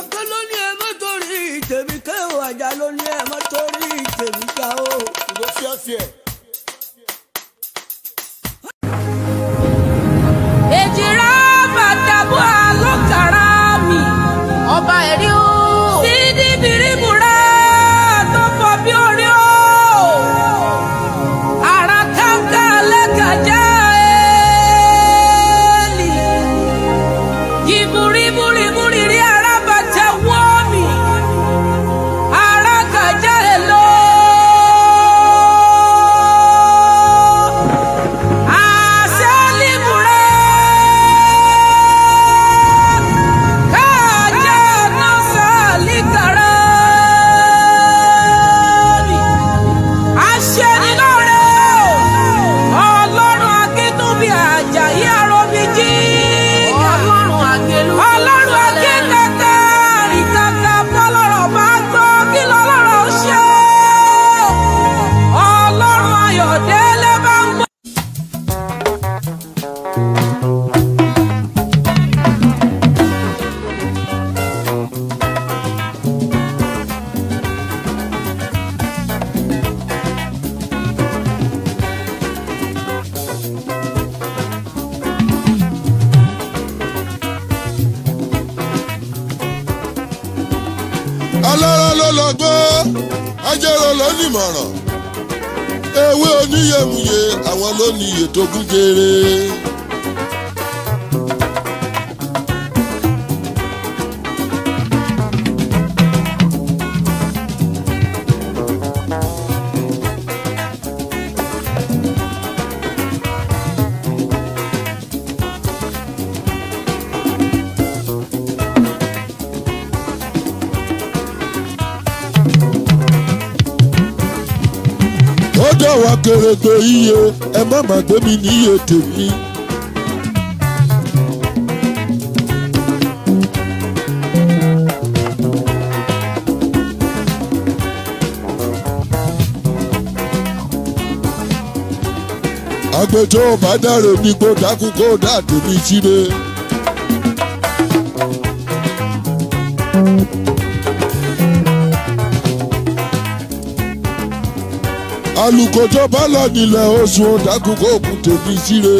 ọkọ ló ní ẹ má torí tèmi kẹwàá àjà ló ní ẹ má torí tèmi ká o. ìlú fíẹ́fíẹ́. èjìrá bàtàbọ̀ àlọ́kàrá mi ọba ẹ̀rí. àwọn ló ní ètò ogún jèrè. wá kéré tó iye ẹ má má gbé mi níye tèmi. àgbẹjọ́ bá dáre mi kó dákú kó dá tèmi síre. alùkòjọ bọ́lọ̀ nílẹ̀ oṣù ọ̀dàkùn kò kù tèmi síre.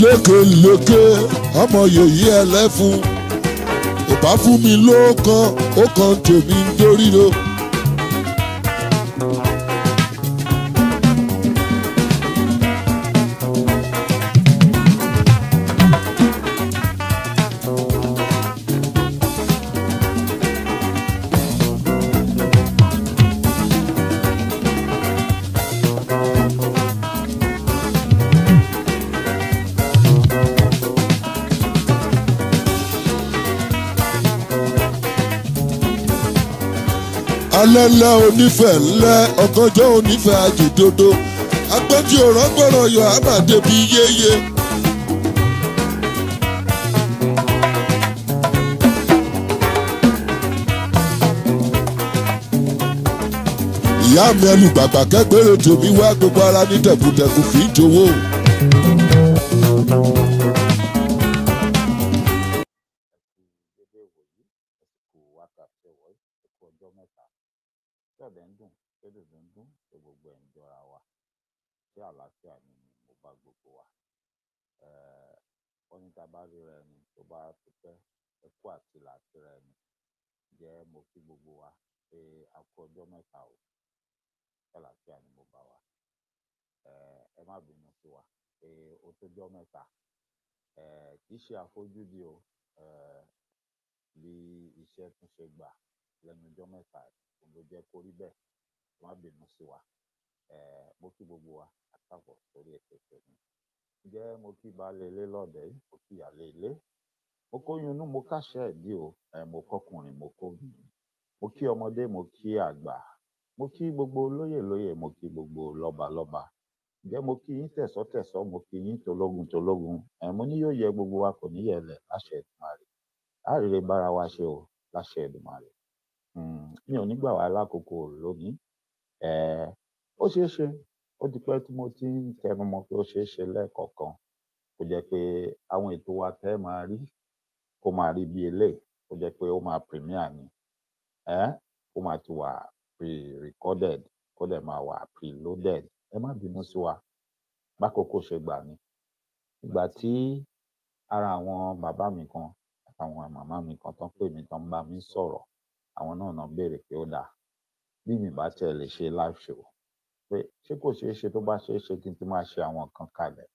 lékeleke ọmọ yòyí ẹlẹ́fun ìbá fún mi ló ó kàn tèmi ń dorí lo. alẹ́lẹ́ onífẹ̀ ńlẹ́ ọ̀kanjọ́ onífẹ̀ àjèdodo agbọ́njú òrọ́gbọ̀rọ̀ yọ àbàdé bíi yéye. ìyá mi ẹnu gbàgbà kẹ́gbẹ́rẹ́ tòmí wá gbogbo ara ní tẹ̀kùtẹ̀kù kì í jowó tọ̀dẹ̀ ń dùn tẹ́dùndún ń dún tó gbogbo ẹ̀ ń jọra wa tí àlàáfíà ni mo bá gbogbo wa ó ní tá a bá ríra ẹni tó bá ti pẹ́ ẹ kú àti làtìra ẹni jẹ́ mo kí gbogbo wa pé a kú ọjọ́ mẹ́ta o àlàáfíà ni mo bá wa ẹ má bínú sí wa pé ó tójọ́ mẹ́ta kì í ṣe àfojúdi o bí iṣẹ́ tún ṣe gbà lẹ́nu ọjọ́ mẹ́ta yìí òun ló jẹ́ kó rí bẹ́ẹ̀ má bínú sí wa mo kí gbogbo wa àtàbọ̀ sórí ètò ìṣèlú ǹjẹ́ mo kí baálé ilé lọ́dẹ̀ yìí mo kí ìyàlé ilé mo kóyún inú mo káṣẹ ìdí o mo kọkùnrin mo kóbìnrin mo kí ọmọdé mo kí àgbà mo kí gbogbo lóyè lóyè mo kí gbogbo lọ́ba lọ́ba ǹjẹ́ mo kí yín tẹ̀sọ́ tẹ̀sọ́ mo kí yín tológun tológun ẹ̀ mo ní yóò yẹ gbogbo wa kò ní yẹlẹ̀ láṣẹ Èdùmàrè àárẹ̀ bára wa ṣe o láṣẹ Èdùmàrè Hmm, mi ò ní gbà wá lákòókò lónìí eh, ó ṣeé ṣe ó ti pẹ́ tí mo ti ń tẹnu mọ́ pé ó ṣeé ṣe lẹ́ẹ̀kọ̀ọ̀kan kó jẹ́ pé àwọn ètò wa tẹ́ máa rí kó máa rí bí eléyìí kó jẹ́ pé ó máa premier ni eh, ó máa ti wà pre-recorded kó dẹ̀ máa wà pre-loaded ẹ má bínú sí wa bákòókò ṣe gbà ni ìgbà tí ara àwọn bàbá mi kan àtàwọn màmá mi kan tán pè mí tán bá mi sọ̀rọ̀ àwọn náà náà béèrè pé ó dáa bí mi bá tiẹ̀ lè ṣe live show pé ṣé kò ṣeé ṣe tó bá ṣeé ṣe kí n ti máa ṣe àwọn nǹkan kalẹ̀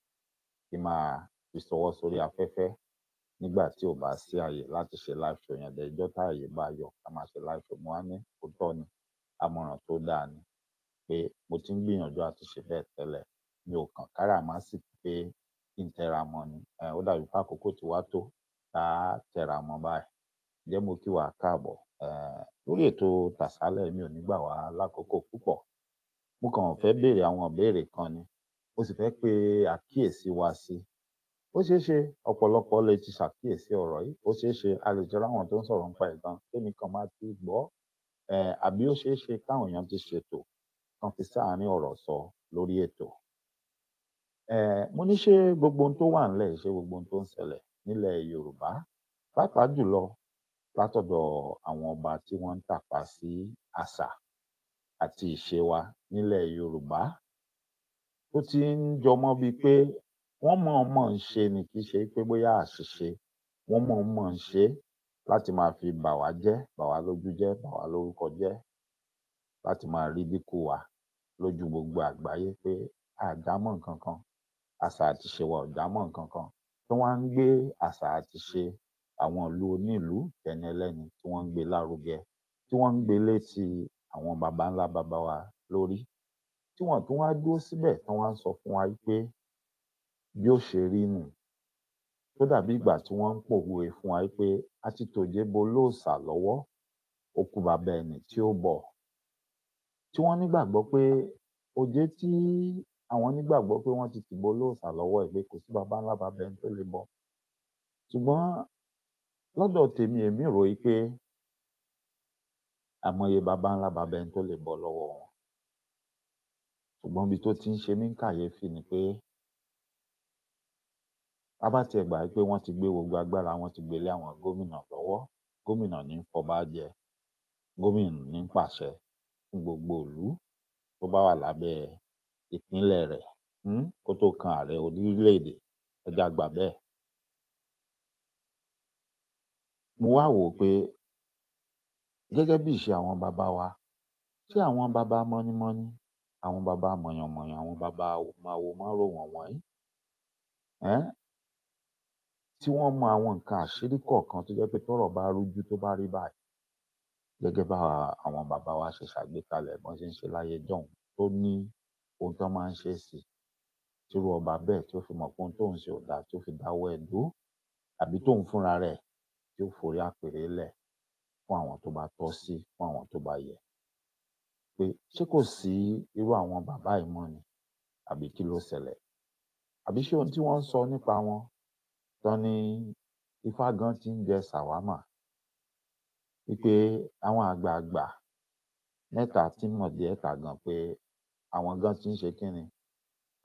kí n máa fi sọwọ́ sórí afẹ́fẹ́ nígbà tí ò bá sí àyè láti ṣe live show yẹn dé ìjọ́ tá àyè bá yọ ká máa ṣe live show mo wá ní òótọ́ ni àmọ̀ràn tó dáa ni pé mo ti ń gbìyànjú àti ṣe bẹ́ẹ̀ tẹ́lẹ̀ mi ò kàn kárà má sì pé kí n tẹra mọ́ ni ó dàbí pé àkókò ti wá tó tá a tẹra mọ́ báyìí ǹjẹ́ mo kí wàá káàbọ̀ Eh, lórí ètò tàṣálẹ́ mi ò ní gbà wá lákòókò púpọ̀ mo kàn fẹ́ béèrè àwọn ìbéèrè kan ni mo sì fẹ́ pe àkíyèsí wa sí i ó ṣeé ṣe ọ̀pọ̀lọpọ̀ lè ti ṣàkíyèsí ọ̀rọ̀ yìí ó ṣeé ṣe a lè jọ láwọn tó ń sọ̀rọ̀ nípa ìtàn kémi kan máa ti gbọ́ eh, àbí ó ṣeé ṣe káwọn èèyàn ti ṣètò kan fi sáàárín ọ̀rọ̀ sọ lórí ètò eh, mo ní ṣé gbogbo ohun tó wà nílẹ̀ ṣé gbogbo ohun tó ń ṣẹlẹ̀ nílẹ̀ Yorùbá pàápàá jùlọ látọ̀dọ̀ àwọn ọba tí wọ́n ń tàpá sí àṣà àti ìṣe wa nílẹ̀ Yorùbá tó ti ń jọmọ bíi pé wọ́n mọ̀ọ́mọ̀ ń ṣe ni kì í ṣe pé bóyá àṣìṣe wọ́n mọ̀ọ́mọ̀ ń ṣe láti máa fi bà wá jẹ́ bà wá lójú jẹ́ bà wá lórúkọ jẹ́ láti máa rí dínkù wa lójú gbogbo àgbáyé pé àdámọ̀ nǹkan àṣà àti wa ò dámọ̀ nǹkan tí wọ́n á ń gbé àṣà àti àwọn ìlú onílù tẹni ẹlẹ́ni tí wọ́n ń gbé lárugẹ tí wọ́n ń gbé létí àwọn baba ńlá baba wa lórí tí wọ́n tún wá dúró síbẹ̀ tí wọ́n á sọ fún wa pé bí ó ṣe rí nù tó dàbí ìgbà tí wọ́n ń pòwe fún wa pé a ti tòjé bo lóòsà lọ́wọ́ òkú bàbá ẹni tí ó bọ̀ tí wọ́n nígbàgbọ́ pé òjé tí àwọn nígbàgbọ́ pé wọ́n ti tìbo lóòsà lọ́wọ́ ẹ̀ pé kò sí baba ńlá baba ẹni tó lè bọ̀ ṣùgbọ́n lọ́dọ̀ tèmi èmi rò yí pé àmọye baba ńlá baba ẹni tó lè bọ́ lọ́wọ́ wọn ṣùgbọ́n ibi tó ti ń ṣe mí ń kàyéfì ni pé bàbá tiẹ̀ gbà pé wọ́n ti gbé gbogbo agbára wọn ti gbélé àwọn gómìnà lọ́wọ́ gómìnà ní ń fọba jẹ gómìnà ní ń pàṣẹ fún gbogbo ìlú tó bá wà lábẹ́ ìpínlẹ̀ rẹ̀ hmm, kó tó kan ààrẹ orílẹ̀-èdè ẹja bẹ́ẹ̀ mo wá wò ó pé gẹ́gẹ́ bí ìṣe àwọn bàbá wa ṣé àwọn bàbá mọ́nímọ́ní àwọn bàbá mọ̀yànmọ̀yàn àwọn bàbá màwo márò wọ̀n um tí wọ́n mọ àwọn nǹkan àṣírí kọ̀ọ̀kan tó jẹ́ pé tọ́rọ̀ bá rújú tó bá rí báyìí gẹ́gẹ́ bá àwọn bàbá wa ṣe ṣàgbékalẹ̀ bọ́n ṣe ń ṣe láyé jọ̀hún tó ní ohun tó máa ń ṣe sí tírú ọba bẹ́ẹ̀ tí ó fi mọ̀ pé ohun tóun ṣe ò dáa tí ó fi dáwọ́ ẹ̀ dúró àbí tóun fúnra rẹ̀ tí ó forí àpèrè lẹ̀ fún àwọn tó bá tọ́ sí fún àwọn tó bá yẹ pé ṣé kò sí irú àwọn bàbá yìí mọ́ ni àbí kí ló ṣẹlẹ̀ àbí ṣé ohun tí wọ́n ń sọ nípa wọn tán ni ifá gan ti ń jẹ sàwámà wípé àwọn àgbààgbà mẹ́ta tí mọ̀ díẹ̀ kà gan pé àwọn gan ti ń ṣe kínni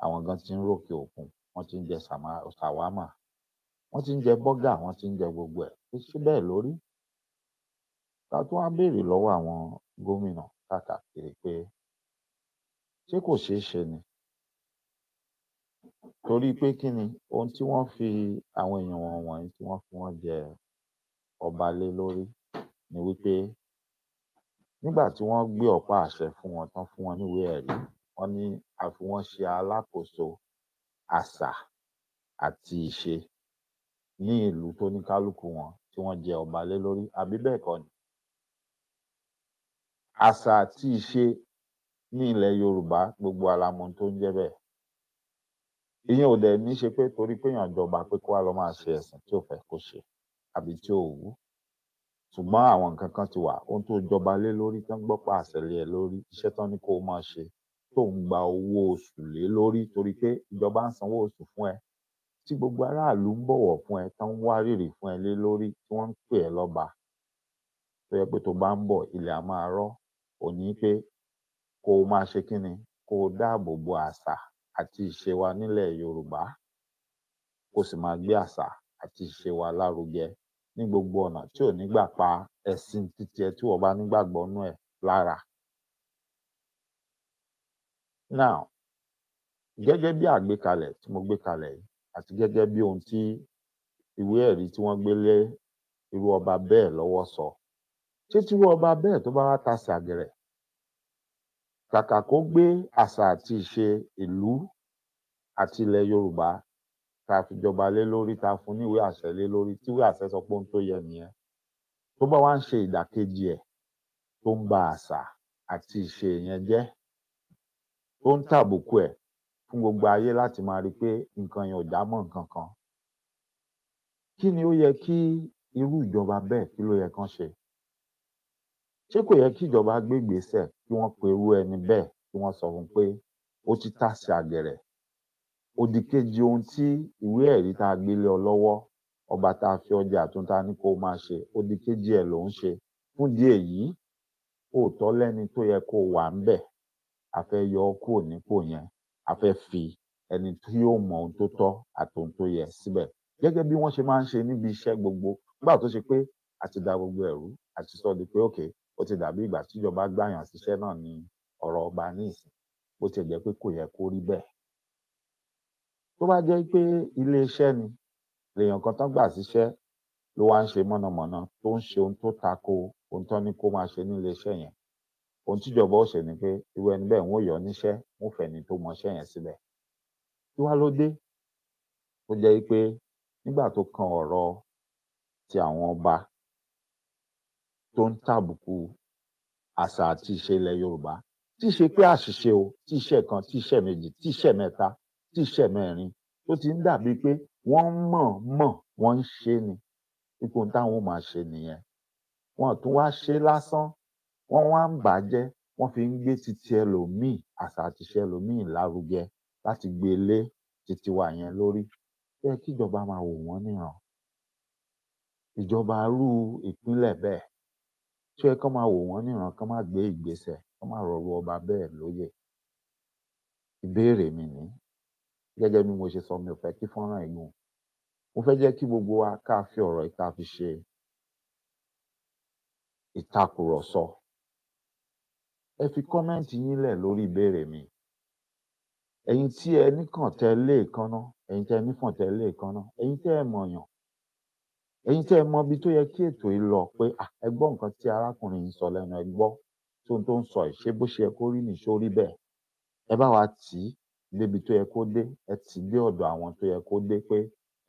àwọn gan ti ń rókè òkun wọ́n ti ń jẹ sàwámà wọ́n ti ń jẹ bọ́gà wọ́n ti ń jẹ gbogbo ẹ̀ kí ṣe bẹ́ẹ̀ lórí ká tó wá béèrè lọ́wọ́ àwọn gómìnà káàkiri pé ṣé kò ṣeé ṣe ni torí pé kí ni ohun tí wọ́n fi àwọn èèyàn wọn wọ̀nyí tí wọ́n fi wọ́n jẹ ọba lé lórí ni wípé nígbà tí wọ́n gbé ọ̀pá àṣẹ fún wọn tán fún wọn níwèé ẹ̀rí wọ́n ní àfi wọ́n ṣe alákòóso àṣà àti ìṣe ní ìlú tó ní kálukú wọn tí wọ́n jẹ ọba lé lórí àbí bẹ́ẹ̀ kọ́ ni. àṣà àti ìṣe ní ilẹ̀ yorùbá gbogbo alamọ tó ń jẹ́ bẹ́ẹ̀ ìyẹn ò dẹ̀ ní ṣe pé torí pé èèyàn jọba pé kó wá lọ máa ṣe ẹ̀sìn tí ò fẹ́ kó ṣe àbí tí ò wù ṣùgbọ́n àwọn nǹkan kan ti wà ohun tó jọba lé lórí tó ń gbọ́ pa àṣẹlẹ̀ lórí iṣẹ́ tán ni kó o máa ṣe tó ń gba owó oṣù lé lórí torí pé ìjọba ń sanwó oṣù fún ẹ tí gbogbo aráàlú ń bọ̀wọ̀ fún ẹ tán ń wárìrì fún ẹ lé lórí tí wọ́n ń pè ẹ́ lọ́ba tó yẹ pé tó bá ń bọ̀ ilẹ̀ á máa rọ́ òní pé kó o máa ṣe kí ni kó o dáàbò bo àṣà àti ìṣe wa nílẹ̀ Yorùbá kó o sì máa gbé àṣà àti ìṣe wa lárugẹ ní gbogbo ọ̀nà tí ò ní gbà pa ẹ̀sìn títí ẹ tí wọ́n bá nígbàgbọ́ nú ẹ̀ lára. Now gẹ́gẹ́ bí àgbékalẹ̀ tí mo gbé kalẹ̀ yìí àti gẹ́gẹ́ bí ohun tí ìwé ẹ̀rí tí wọ́n gbé lé irú ọba bẹ́ẹ̀ lọ́wọ́ sọ ṣé tírú ọba bẹ́ẹ̀ tó bá wá ta sàgẹ̀rẹ̀ kàkà kó gbé àṣà àti ìṣe ìlú àti ilẹ̀ Yorùbá ta fìjọba lé lórí ta fún níwèé àṣẹ lé lórí tíwèé àṣẹ sọ pé ohun tó yẹ nìyẹn tó bá wá ń ṣe ìdàkejì ẹ̀ tó ń ba àṣà àti ìṣe yẹn jẹ́ tó ń tàbùkù ẹ̀ fún gbogbo ayé láti máa rí i pé nǹkan yẹn ò já mọ́ nǹkan kan kí ni ó yẹ kí irú ìjọba bẹ́ẹ̀ kí ló yẹ kán ṣe ṣé kò yẹ kí ìjọba gbé ìgbésẹ̀ kí wọ́n pe irú ẹni bẹ́ẹ̀ kí wọ́n sọ fún pé ó ti tàsé àgẹ̀rẹ̀ òdì kejì ohun tí ìwé ẹ̀rí tá a gbélé ọ lọ́wọ́ ọba tá a fi ọjà àtúntà ní kó máa ṣe òdì kejì ẹ̀ ló ń ṣe fún ìdí èyí òótọ́ lẹ́ni tó yẹ kó wà ń bẹ̀ a yọ ọ́ kúrò nípò yẹn a fi ẹni tí yóò mọ ohun tó tọ́ àti ohun tó yẹ síbẹ̀ gẹ́gẹ́ bí wọ́n ṣe máa ń ṣe níbi iṣẹ́ gbogbo nígbà tó ṣe pé a ti da gbogbo ẹ̀rú a ti sọ di pé ok ó ti dàbí ìgbà tíjọba gbàyàn síṣẹ́ náà ní ọ̀rọ̀ ọba ní ìsìn bó ti jẹ́ pé kò yẹ kó rí bẹ́ẹ̀ tó bá jẹ́ pé iléeṣẹ́ ni lèèyàn kan tán gbà síṣẹ́ ló wá ń ṣe mọ̀nàmọ́ná tó ń ṣe ohun tó tako ohun tán ni kó máa ṣe ní iléeṣẹ́ yẹn ohun tíjọba ó ṣe ni pé irú ẹni bẹ́ẹ̀ wọ́n yọ níṣẹ́ wọ́n fẹ̀ni tó mọṣẹ́ yẹn sílẹ̀ kí wá ló dé tó jẹ́ pé nígbà tó kan ọ̀rọ̀ ti àwọn ọba tó ń tàbùkù àṣà àti ìṣe ilẹ̀ Yorùbá tí ṣe pé àṣìṣe o tí ṣe kan tí ṣe méjì tí ṣe mẹ́ta tí ṣe mẹ́rin tó ti ń dàbí pé wọ́n mọ̀ mọ̀ wọ́n ń ṣe ni ipò táwọn máa ṣe nìyẹn wọn tún wá ṣe lásán wọn wá ń bà á jẹ wọn fi ń gbé titi ẹlòmíín àṣà àtiṣe ẹlòmíín lárugẹ láti gbé lé titi wa yẹn lórí ó yẹ kíjọba máa wò wọn níran ìjọba irú ìpínlẹ̀ bẹ́ẹ̀ tó yẹ kó máa wò wọn níran kó má gbé ìgbésẹ̀ kó má rọrùn ọba bẹ́ẹ̀ lóyè ìbéèrè mi ní gẹ́gẹ́ bí mo ṣe sọ mi ò fẹ́ kí fọ́nrán ìgùn mo fẹ́ jẹ́ kí gbogbo wa ká fi ọ̀rọ̀ ìta fi ṣe ìtakùrọ̀sọ ẹ fi kọ́mẹ́ǹtì yín lẹ̀ lórí ìbéèrè mi ẹ̀yin tí ẹ níkàn tẹ lé èékánná ẹ̀yin tẹ nífọ̀n tẹ lé èékánná ẹ̀yin tẹ ẹ mọ̀yàn ẹ̀yin tẹ ẹ mọ ibi tó yẹ kí ètò yìí lọ pé ẹ gbọ́ nǹkan tí arákùnrin yìí sọ lẹ́nu ẹ gbọ́ tó ń tó ń sọ ẹ̀ ṣé bó ṣe yẹ kó rí nìṣó rí bẹ́ẹ̀ ẹ bá wa tì í débi tó yẹ kó dé ẹ tì í dé ọ̀dọ̀ àwọn tó yẹ kó dé pé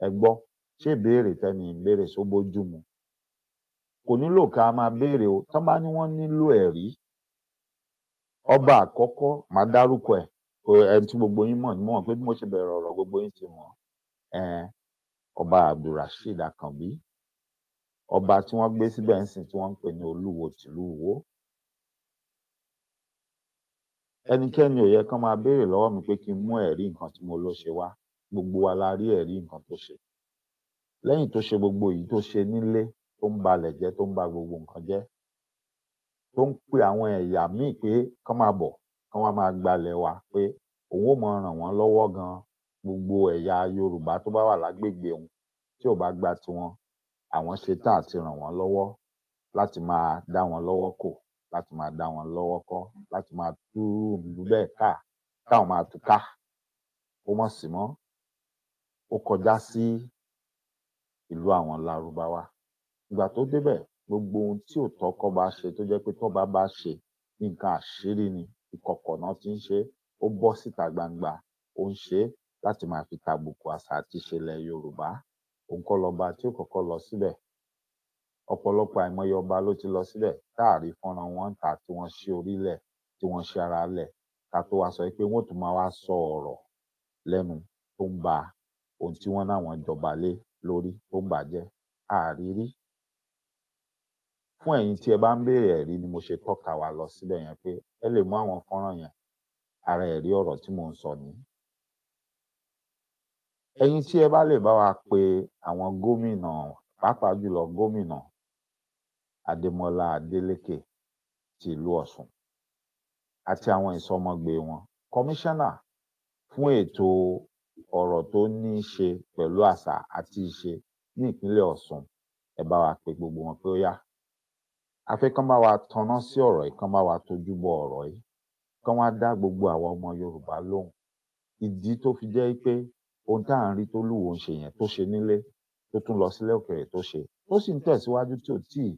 ẹ gbọ́ ṣé ìbéèrè tẹ́ni ìbéèrè sóbójú mu kò nílò ká máa béèrè o tán bá ní wọ́n nílò ẹ̀rí ọba àkọ́kọ́ màá dárúkọ ẹ̀ ẹni tí gbogbo yín mọ̀ ni mo mọ̀ pé bí mo ṣe bẹ̀rẹ̀ ọ̀rọ̀ gbogbo yín ti mọ̀ ọba abdulrasheed akànbí ọba tí wọ́n gbé síbẹ̀ ń sìn tí wọ́n ń pè ní olúwo tìlú wo ẹnikẹ́ni ò yẹ kán máa béèrè lọ́wọ́ mi pé kí n mú ẹ̀rí nǹkan tí mo lọ ṣe wá gbogbo wa la rí ẹ̀rí nǹkan tó ṣe lẹ́yìn tó ṣe gbogbo èyí tó ṣe nílé tó ń balẹ̀ jẹ́ tó ń ba gbogbo nǹkan jẹ́ tó ń pe àwọn ẹ̀yà míì pé kán máa bọ̀ kán wá máa gbalẹ̀ wa pé òun ò mọ ràn wọ́n lọ́wọ́ gan gbogbo ẹ̀yà Yorùbá tó bá wà lágbègbè òun tí ò bá gba tiwọn àwọn ṣetán àti ràn wọ́n lọ́wọ́ láti máa dá wọn lọ́wọ́ kò láti máa dá wọn lọ́wọ́ kọ́ láti máa tú ìlú bẹ́ẹ̀ ká káwọn máa tú ká ó mọ̀ sí mọ́ ó kọjá sí ìlú àwọn Lárúbáwá ìgbà tó débẹ̀ gbogbo ohun tí ò tọ́ kọ́ba ṣe tó jẹ́ pé tọ́ba bá ṣe nǹkan àṣírí ni ìkọ̀kọ̀ náà ti ń ṣe ó bọ́ síta gbangba ó ń ṣe láti máa fi tàbùkù àṣà àti ìṣẹ̀lẹ̀ yorùbá òun kọ́ lọ́ba tí ó kọ́kọ́ lọ síbẹ̀ ọ̀pọ̀lọpọ̀ àìmọye ọba ló ti lọ síbẹ̀ táàrí fọ́nrán wọn ta tí wọ́n ṣe orílẹ̀ tí wọ́n ṣe ara lẹ̀ ká tó wá sọ pé wọ́n tún máa wá sọ ọ̀rọ̀ lẹ́nu tó ń ba ohun tí wọ́n náwọn jọba lé lórí tó ń bàjẹ́ àárí fún ẹ̀yin tí ẹ bá ń béèrè ẹ̀rí ni mo ṣe tọ́ka wa lọ síbẹ̀ yẹn pé ẹ lè mú àwọn fọ́nrán yẹn ara ẹ̀rí ọ̀rọ̀ tí mò ń sọ ni. ẹ̀yin tí ẹ bá lè bá wa pe àwọn gómìnà pàápàá jùlọ gómìnà Adémọ́lá Adélékè ti ìlú Ọ̀ṣun àti àwọn ìsọmọgbé wọn kọmíṣánná fún ètò ọ̀rọ̀ tó ní í ṣe pẹ̀lú àṣà àti ìṣe ní ìpínlẹ̀ Ọ̀ṣun ẹ bá wa pe gbogbo wọn pé ó yá a fẹ́ kán bá wa tanná sí ọ̀rọ̀ yìí kán bá wa tójú bọ ọ̀rọ̀ yìí kán wá dá gbogbo àwọn ọmọ yorùbá lóhùn ìdí tó fi jẹ́ pé ohun tá à ń rí tó lúwo ń ṣe yẹn tó ṣe nílé tó tún lọ sílẹ̀ òkèèrè tó ṣe tó sì ń tẹ̀síwájú tí ò tíì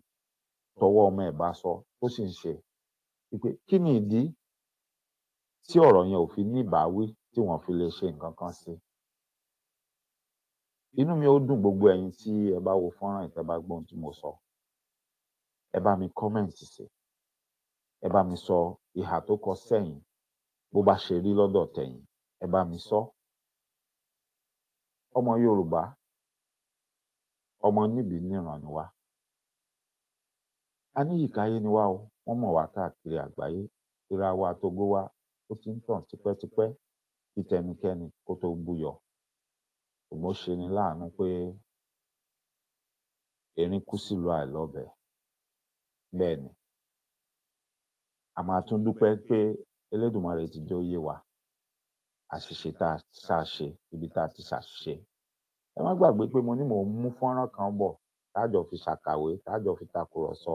tọwọ́ ọmọ ẹ̀ bá sọ tó sì ń ṣe pé kí ni ìdí tí ọ̀rọ̀ yẹn ò fi ní ìbáwí tí wọ́n fi lè ṣe nǹkan kan sí inú mi ó dùn gbogbo ẹ̀yin tí ẹ bá wo fọ́nrán ìtẹ́ tí mo sọ ẹ bá mi kọ́mẹ̀ǹtì sí ẹ bá mi sọ ìhà tó kọ sẹ́yìn bó bá ṣe rí lọ́dọ̀ tẹ̀yìn ẹ mi sọ. ọmọ Yorùbá ọmọ níbi níran ni wá a ní ìkáyé ni wá o wọ́n mọ̀ wá káàkiri àgbáyé ìra wa togo wa ó ti ń tàn tipẹ́tipẹ́ kí tẹnikẹ́ni kó tó búyọ ṣùgbọ́n ṣe ni láàánú pé erin kú sílùú àìlọ́bẹ̀ẹ́ bẹ́ẹ̀ ni a máa tún dúpẹ́ pé Elédùmarè ti jẹ́ ó yé wa àṣìṣe tá a ṣe ibi tá a ti ṣàṣìṣe ẹ má gbàgbé pé mo ní mò ń mú fọ́nrán kan bọ̀ tájọ fi ṣàkàwé tájọ fi takùrọ̀sọ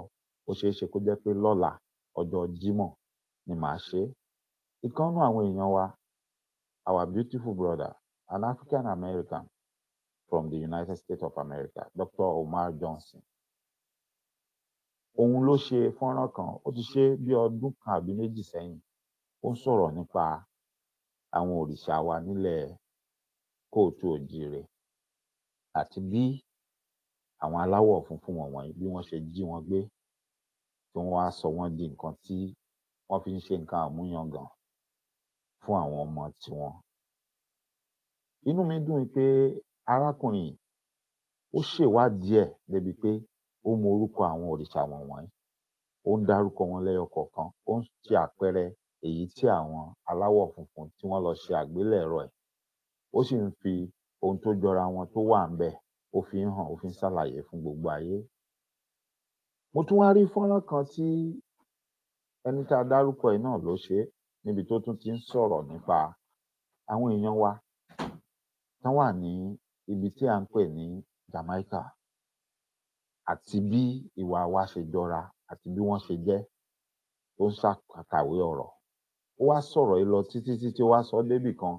ó ṣeé ṣe kó jẹ́ pé lọ́la ọjọ́ Jímọ̀ ni màá ṣe é ìkànnú àwọn èèyàn wa our beautiful brother an African American from the United States of America Dr. Omar Johnson òun ló ṣe fọ́nrán kan ó ti ṣe bí ọdún kan àbí méjì sẹ́yìn ó ń sọ̀rọ̀ nípa àwọn òrìṣà wa nílẹ̀ kóòtù òjìire àti bí àwọn aláwọ̀ funfun wọ̀nyí bí wọ́n ṣe jí wọn gbé tí wọ́n wá sọ wọ́n di nǹkan tí wọ́n fi ń ṣe nǹkan àmúyangàn fún àwọn ọmọ tiwọn. inú mi dùn pé arákùnrin yìí ó ṣèwádìí ẹ̀ débi pé ó mọ orúkọ àwọn òrìṣà wọ̀nyí ó ń dárúkọ wọn lẹ́yọ kọ̀ọ̀kan ó ń ṣe àpẹẹrẹ èyí tí àwọn aláwọ̀ funfun tí wọ́n lọ ṣe àgbélẹ̀rọ ẹ̀ ó sì ń fi ohun tó jọra wọn tó wà ń bẹ ó fi ń hàn ó fi ń ṣàlàyé fún gbogbo ayé mo tún wá rí fọ́nrán kan tí ẹni tá a dárúkọ ẹ̀ náà ló ṣe níbi tó tún ti ń sọ̀rọ̀ nípa àwọn èèyàn wa tán wà ní ibi tí à ń pè ní Jamaica àti bí ìwà wa ṣe jọra àti bí wọn ṣe jẹ tó ń ṣàkàwé ọrọ ó wáá sọrọ yìí lọ títí títí ó wáá sọ ọ débì kan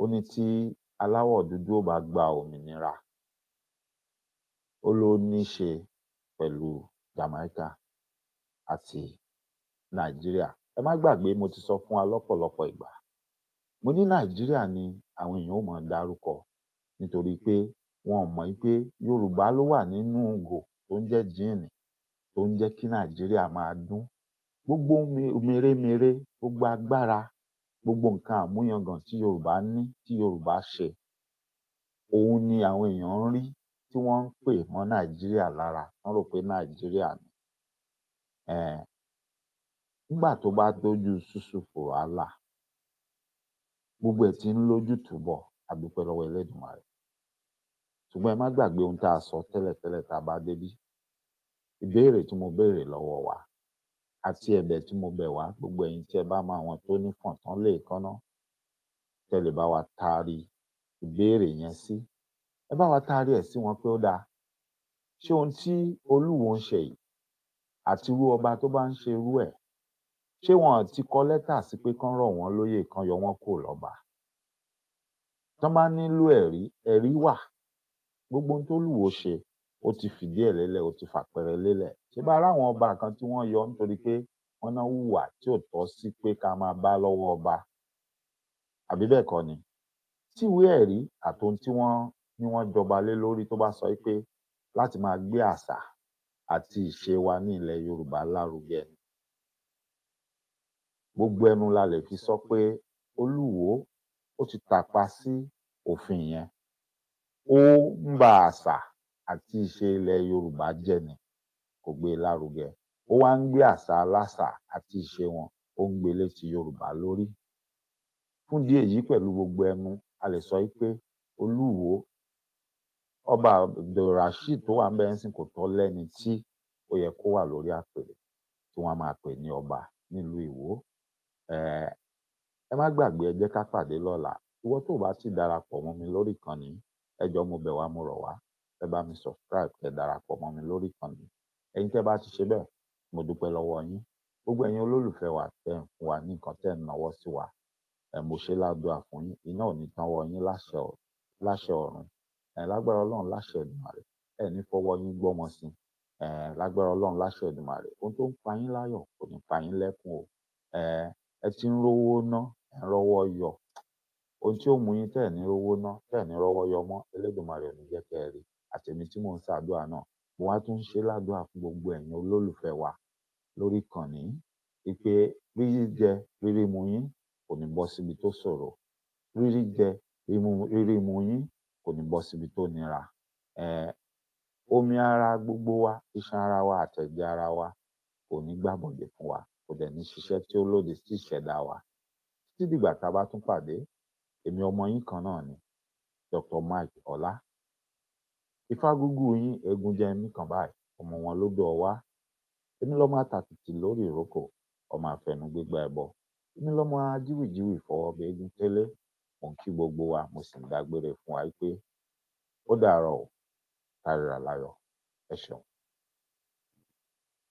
ó ní tí aláwọ dúdú ò bá gba òmìnira ó ló ní ṣe pẹlú jamaica àti nàìjíríà ẹ má gbàgbé mo ti sọ fún wa lọpọlọpọ ìgbà mo ní nàìjíríà ni àwọn èèyàn ó máa dárúkọ nítorí pé wọn mọ pé yorùbá ló wà nínú ìgò tó ń jẹ jíìnì tó ń jẹ kí nàìjíríà máa dùn gbogbo mèremère gbogbo agbára gbogbo nǹkan àmúyangàn tí yorùbá ní tí yorùbá ṣe òun ni àwọn èèyàn ń rí tí wọn ń pè mọ nàìjíríà lára wọn rò pé nàìjíríà ni um nígbà tó bá dojú ṣùṣùfù gbogbo ẹ ti ń lójútùú bọ a ṣùgbọ́n ẹ má gbàgbé ohun tá a sọ tẹ́lẹ̀tẹ́lẹ̀ tá a bá débí ìbéèrè tí mo béèrè lọ́wọ́ wa àti ẹ̀bẹ̀ tí mo bẹ̀ wá gbogbo ẹ̀yin tí ẹ bá mọ àwọn tó ní fọ̀ntán lè kánná tẹ́lẹ̀ bá wa taari ìbéèrè yẹn sí ẹ bá wa taari ẹ̀ sí wọn pé ó dáa ṣé ohun tí olúwo ń ṣe yìí àti irú ọba tó bá ń ṣe irú ẹ̀ ṣé wọn ti kọ lẹ́tà sí pé kán rọ̀ wọ́n lóyè kan yọ wọ́n kò lọ́ba tán bá nílò ẹ̀rí ẹ̀rí wà gbogbo ohun tó lùwọ ṣe ó ti fìdí ẹ̀ lélẹ̀ ó ti fàpẹẹrẹ lélẹ̀ ṣé bá hmm. ráwọn ọba kan tí wọ́n yọ nítorí pé wọ́n náà hùwà tí ò tọ́ sí pé ká máa bá lọ́wọ́ ọba àbí bẹ́ẹ̀ kọ́ ni tíwèé ẹ̀rí àtohun tí wọ́n ní wọ́n jọba lé lórí tó bá sọ pé láti máa gbé àṣà àti ìṣe wa ní ilẹ̀ Yorùbá lárugẹ ni gbogbo ẹnu la lè fi sọ pé Olúwo ó ti tàpá sí òfin yẹn ó ń ba àṣà àti ìṣe ilẹ̀ yorùbá jẹ́ ni kò gbé e lárugẹ ó wá ń gbé àṣà aláṣà àti ìṣe wọn ó ń gbé létí yorùbá lórí fún díẹ̀ yìí pẹ̀lú gbogbo ẹnu a lè sọ pé olúwo ọba abdulrasheed tó wà ń bẹ́ẹ̀ sìn kò tọ́ lẹ́ni tí ó yẹ kó wà lórí àpèrè tí wọ́n máa pè ní ọba nílùú ìwó ẹ má gbàgbé ẹ ká pàdé lọ́la ìwọ tó bá ti darapọ̀ mọ́ mi lórí ìkànnì ẹ jọ mo bẹ̀ wá mo rọ̀ wá ẹ bá mi subscribe ẹ darapọ̀ mọ́ mi lórí ìkànnì ẹ̀yin tẹ́ bá ti ṣe bẹ́ẹ̀ mo dúpẹ́ lọ́wọ́ yín gbogbo ẹ̀yin olólùfẹ́ wa tẹ́ ń fún wa ní nǹkan tẹ́ ń náwó sí wa ẹ mo ṣe ládùá fún yín iná ò ní tán wọ yín láṣẹ ọ̀run ẹ lágbára Ọlọ́run láṣẹ Èdùmàrè ẹ ní fọwọ́ yín gbọ́mọ sí ẹ lágbára Ọlọ́run láṣẹ Èdùmàrè ohun tó ń pa yín láyọ̀ kò ní pa yín lẹ́kún o ẹ ẹ ti ń rówó ná ẹ ń yọ ohun tí ó mú yín tẹ̀ ní rówó ná tẹ̀ ní rọ́wọ́ yọmọ Elédùmarè ò ní jẹ́ kẹ́ ẹ rí àtẹ̀mí tí mò ń ṣàdúrà náà mo wá tún ṣe ládùúrà fún gbogbo ẹ̀yin olólùfẹ́ wa lórí ìkànnì wípé rírí jẹ rírí mu yín kò ní bọ́ síbi tó ṣòro rírí jẹ rírí mu yín kò ní bọ́ síbi tó nira omi ara gbogbo wa iṣan ara wa àtẹ̀jẹ̀ ara wa kò ní gbàbọ̀dé fún wa kò dẹ̀ ní ṣiṣẹ́ tí ó lòdì sí ìṣẹ̀dá wa títí dìgbà tá a bá tún pàdé èmi ọmọ yín kan náà ni dr mike ọlá ìfàgùgù yín eegun jẹ mí kan báyìí ọmọ wọn ló dọ̀ wá èmi lọ́mọ àtàtìtì lórí ìrókò ọmọ àfẹnugbégbá ẹbọ èmi lọ́mọ ajíwìjíwì fọwọ́ bẹ́ẹ́gùn tẹ́lẹ̀ mo ń kí gbogbo wa mo sì ń dágbére fún wa pé ó dàárọ̀ o kárí ra láyọ̀ ẹ ṣeun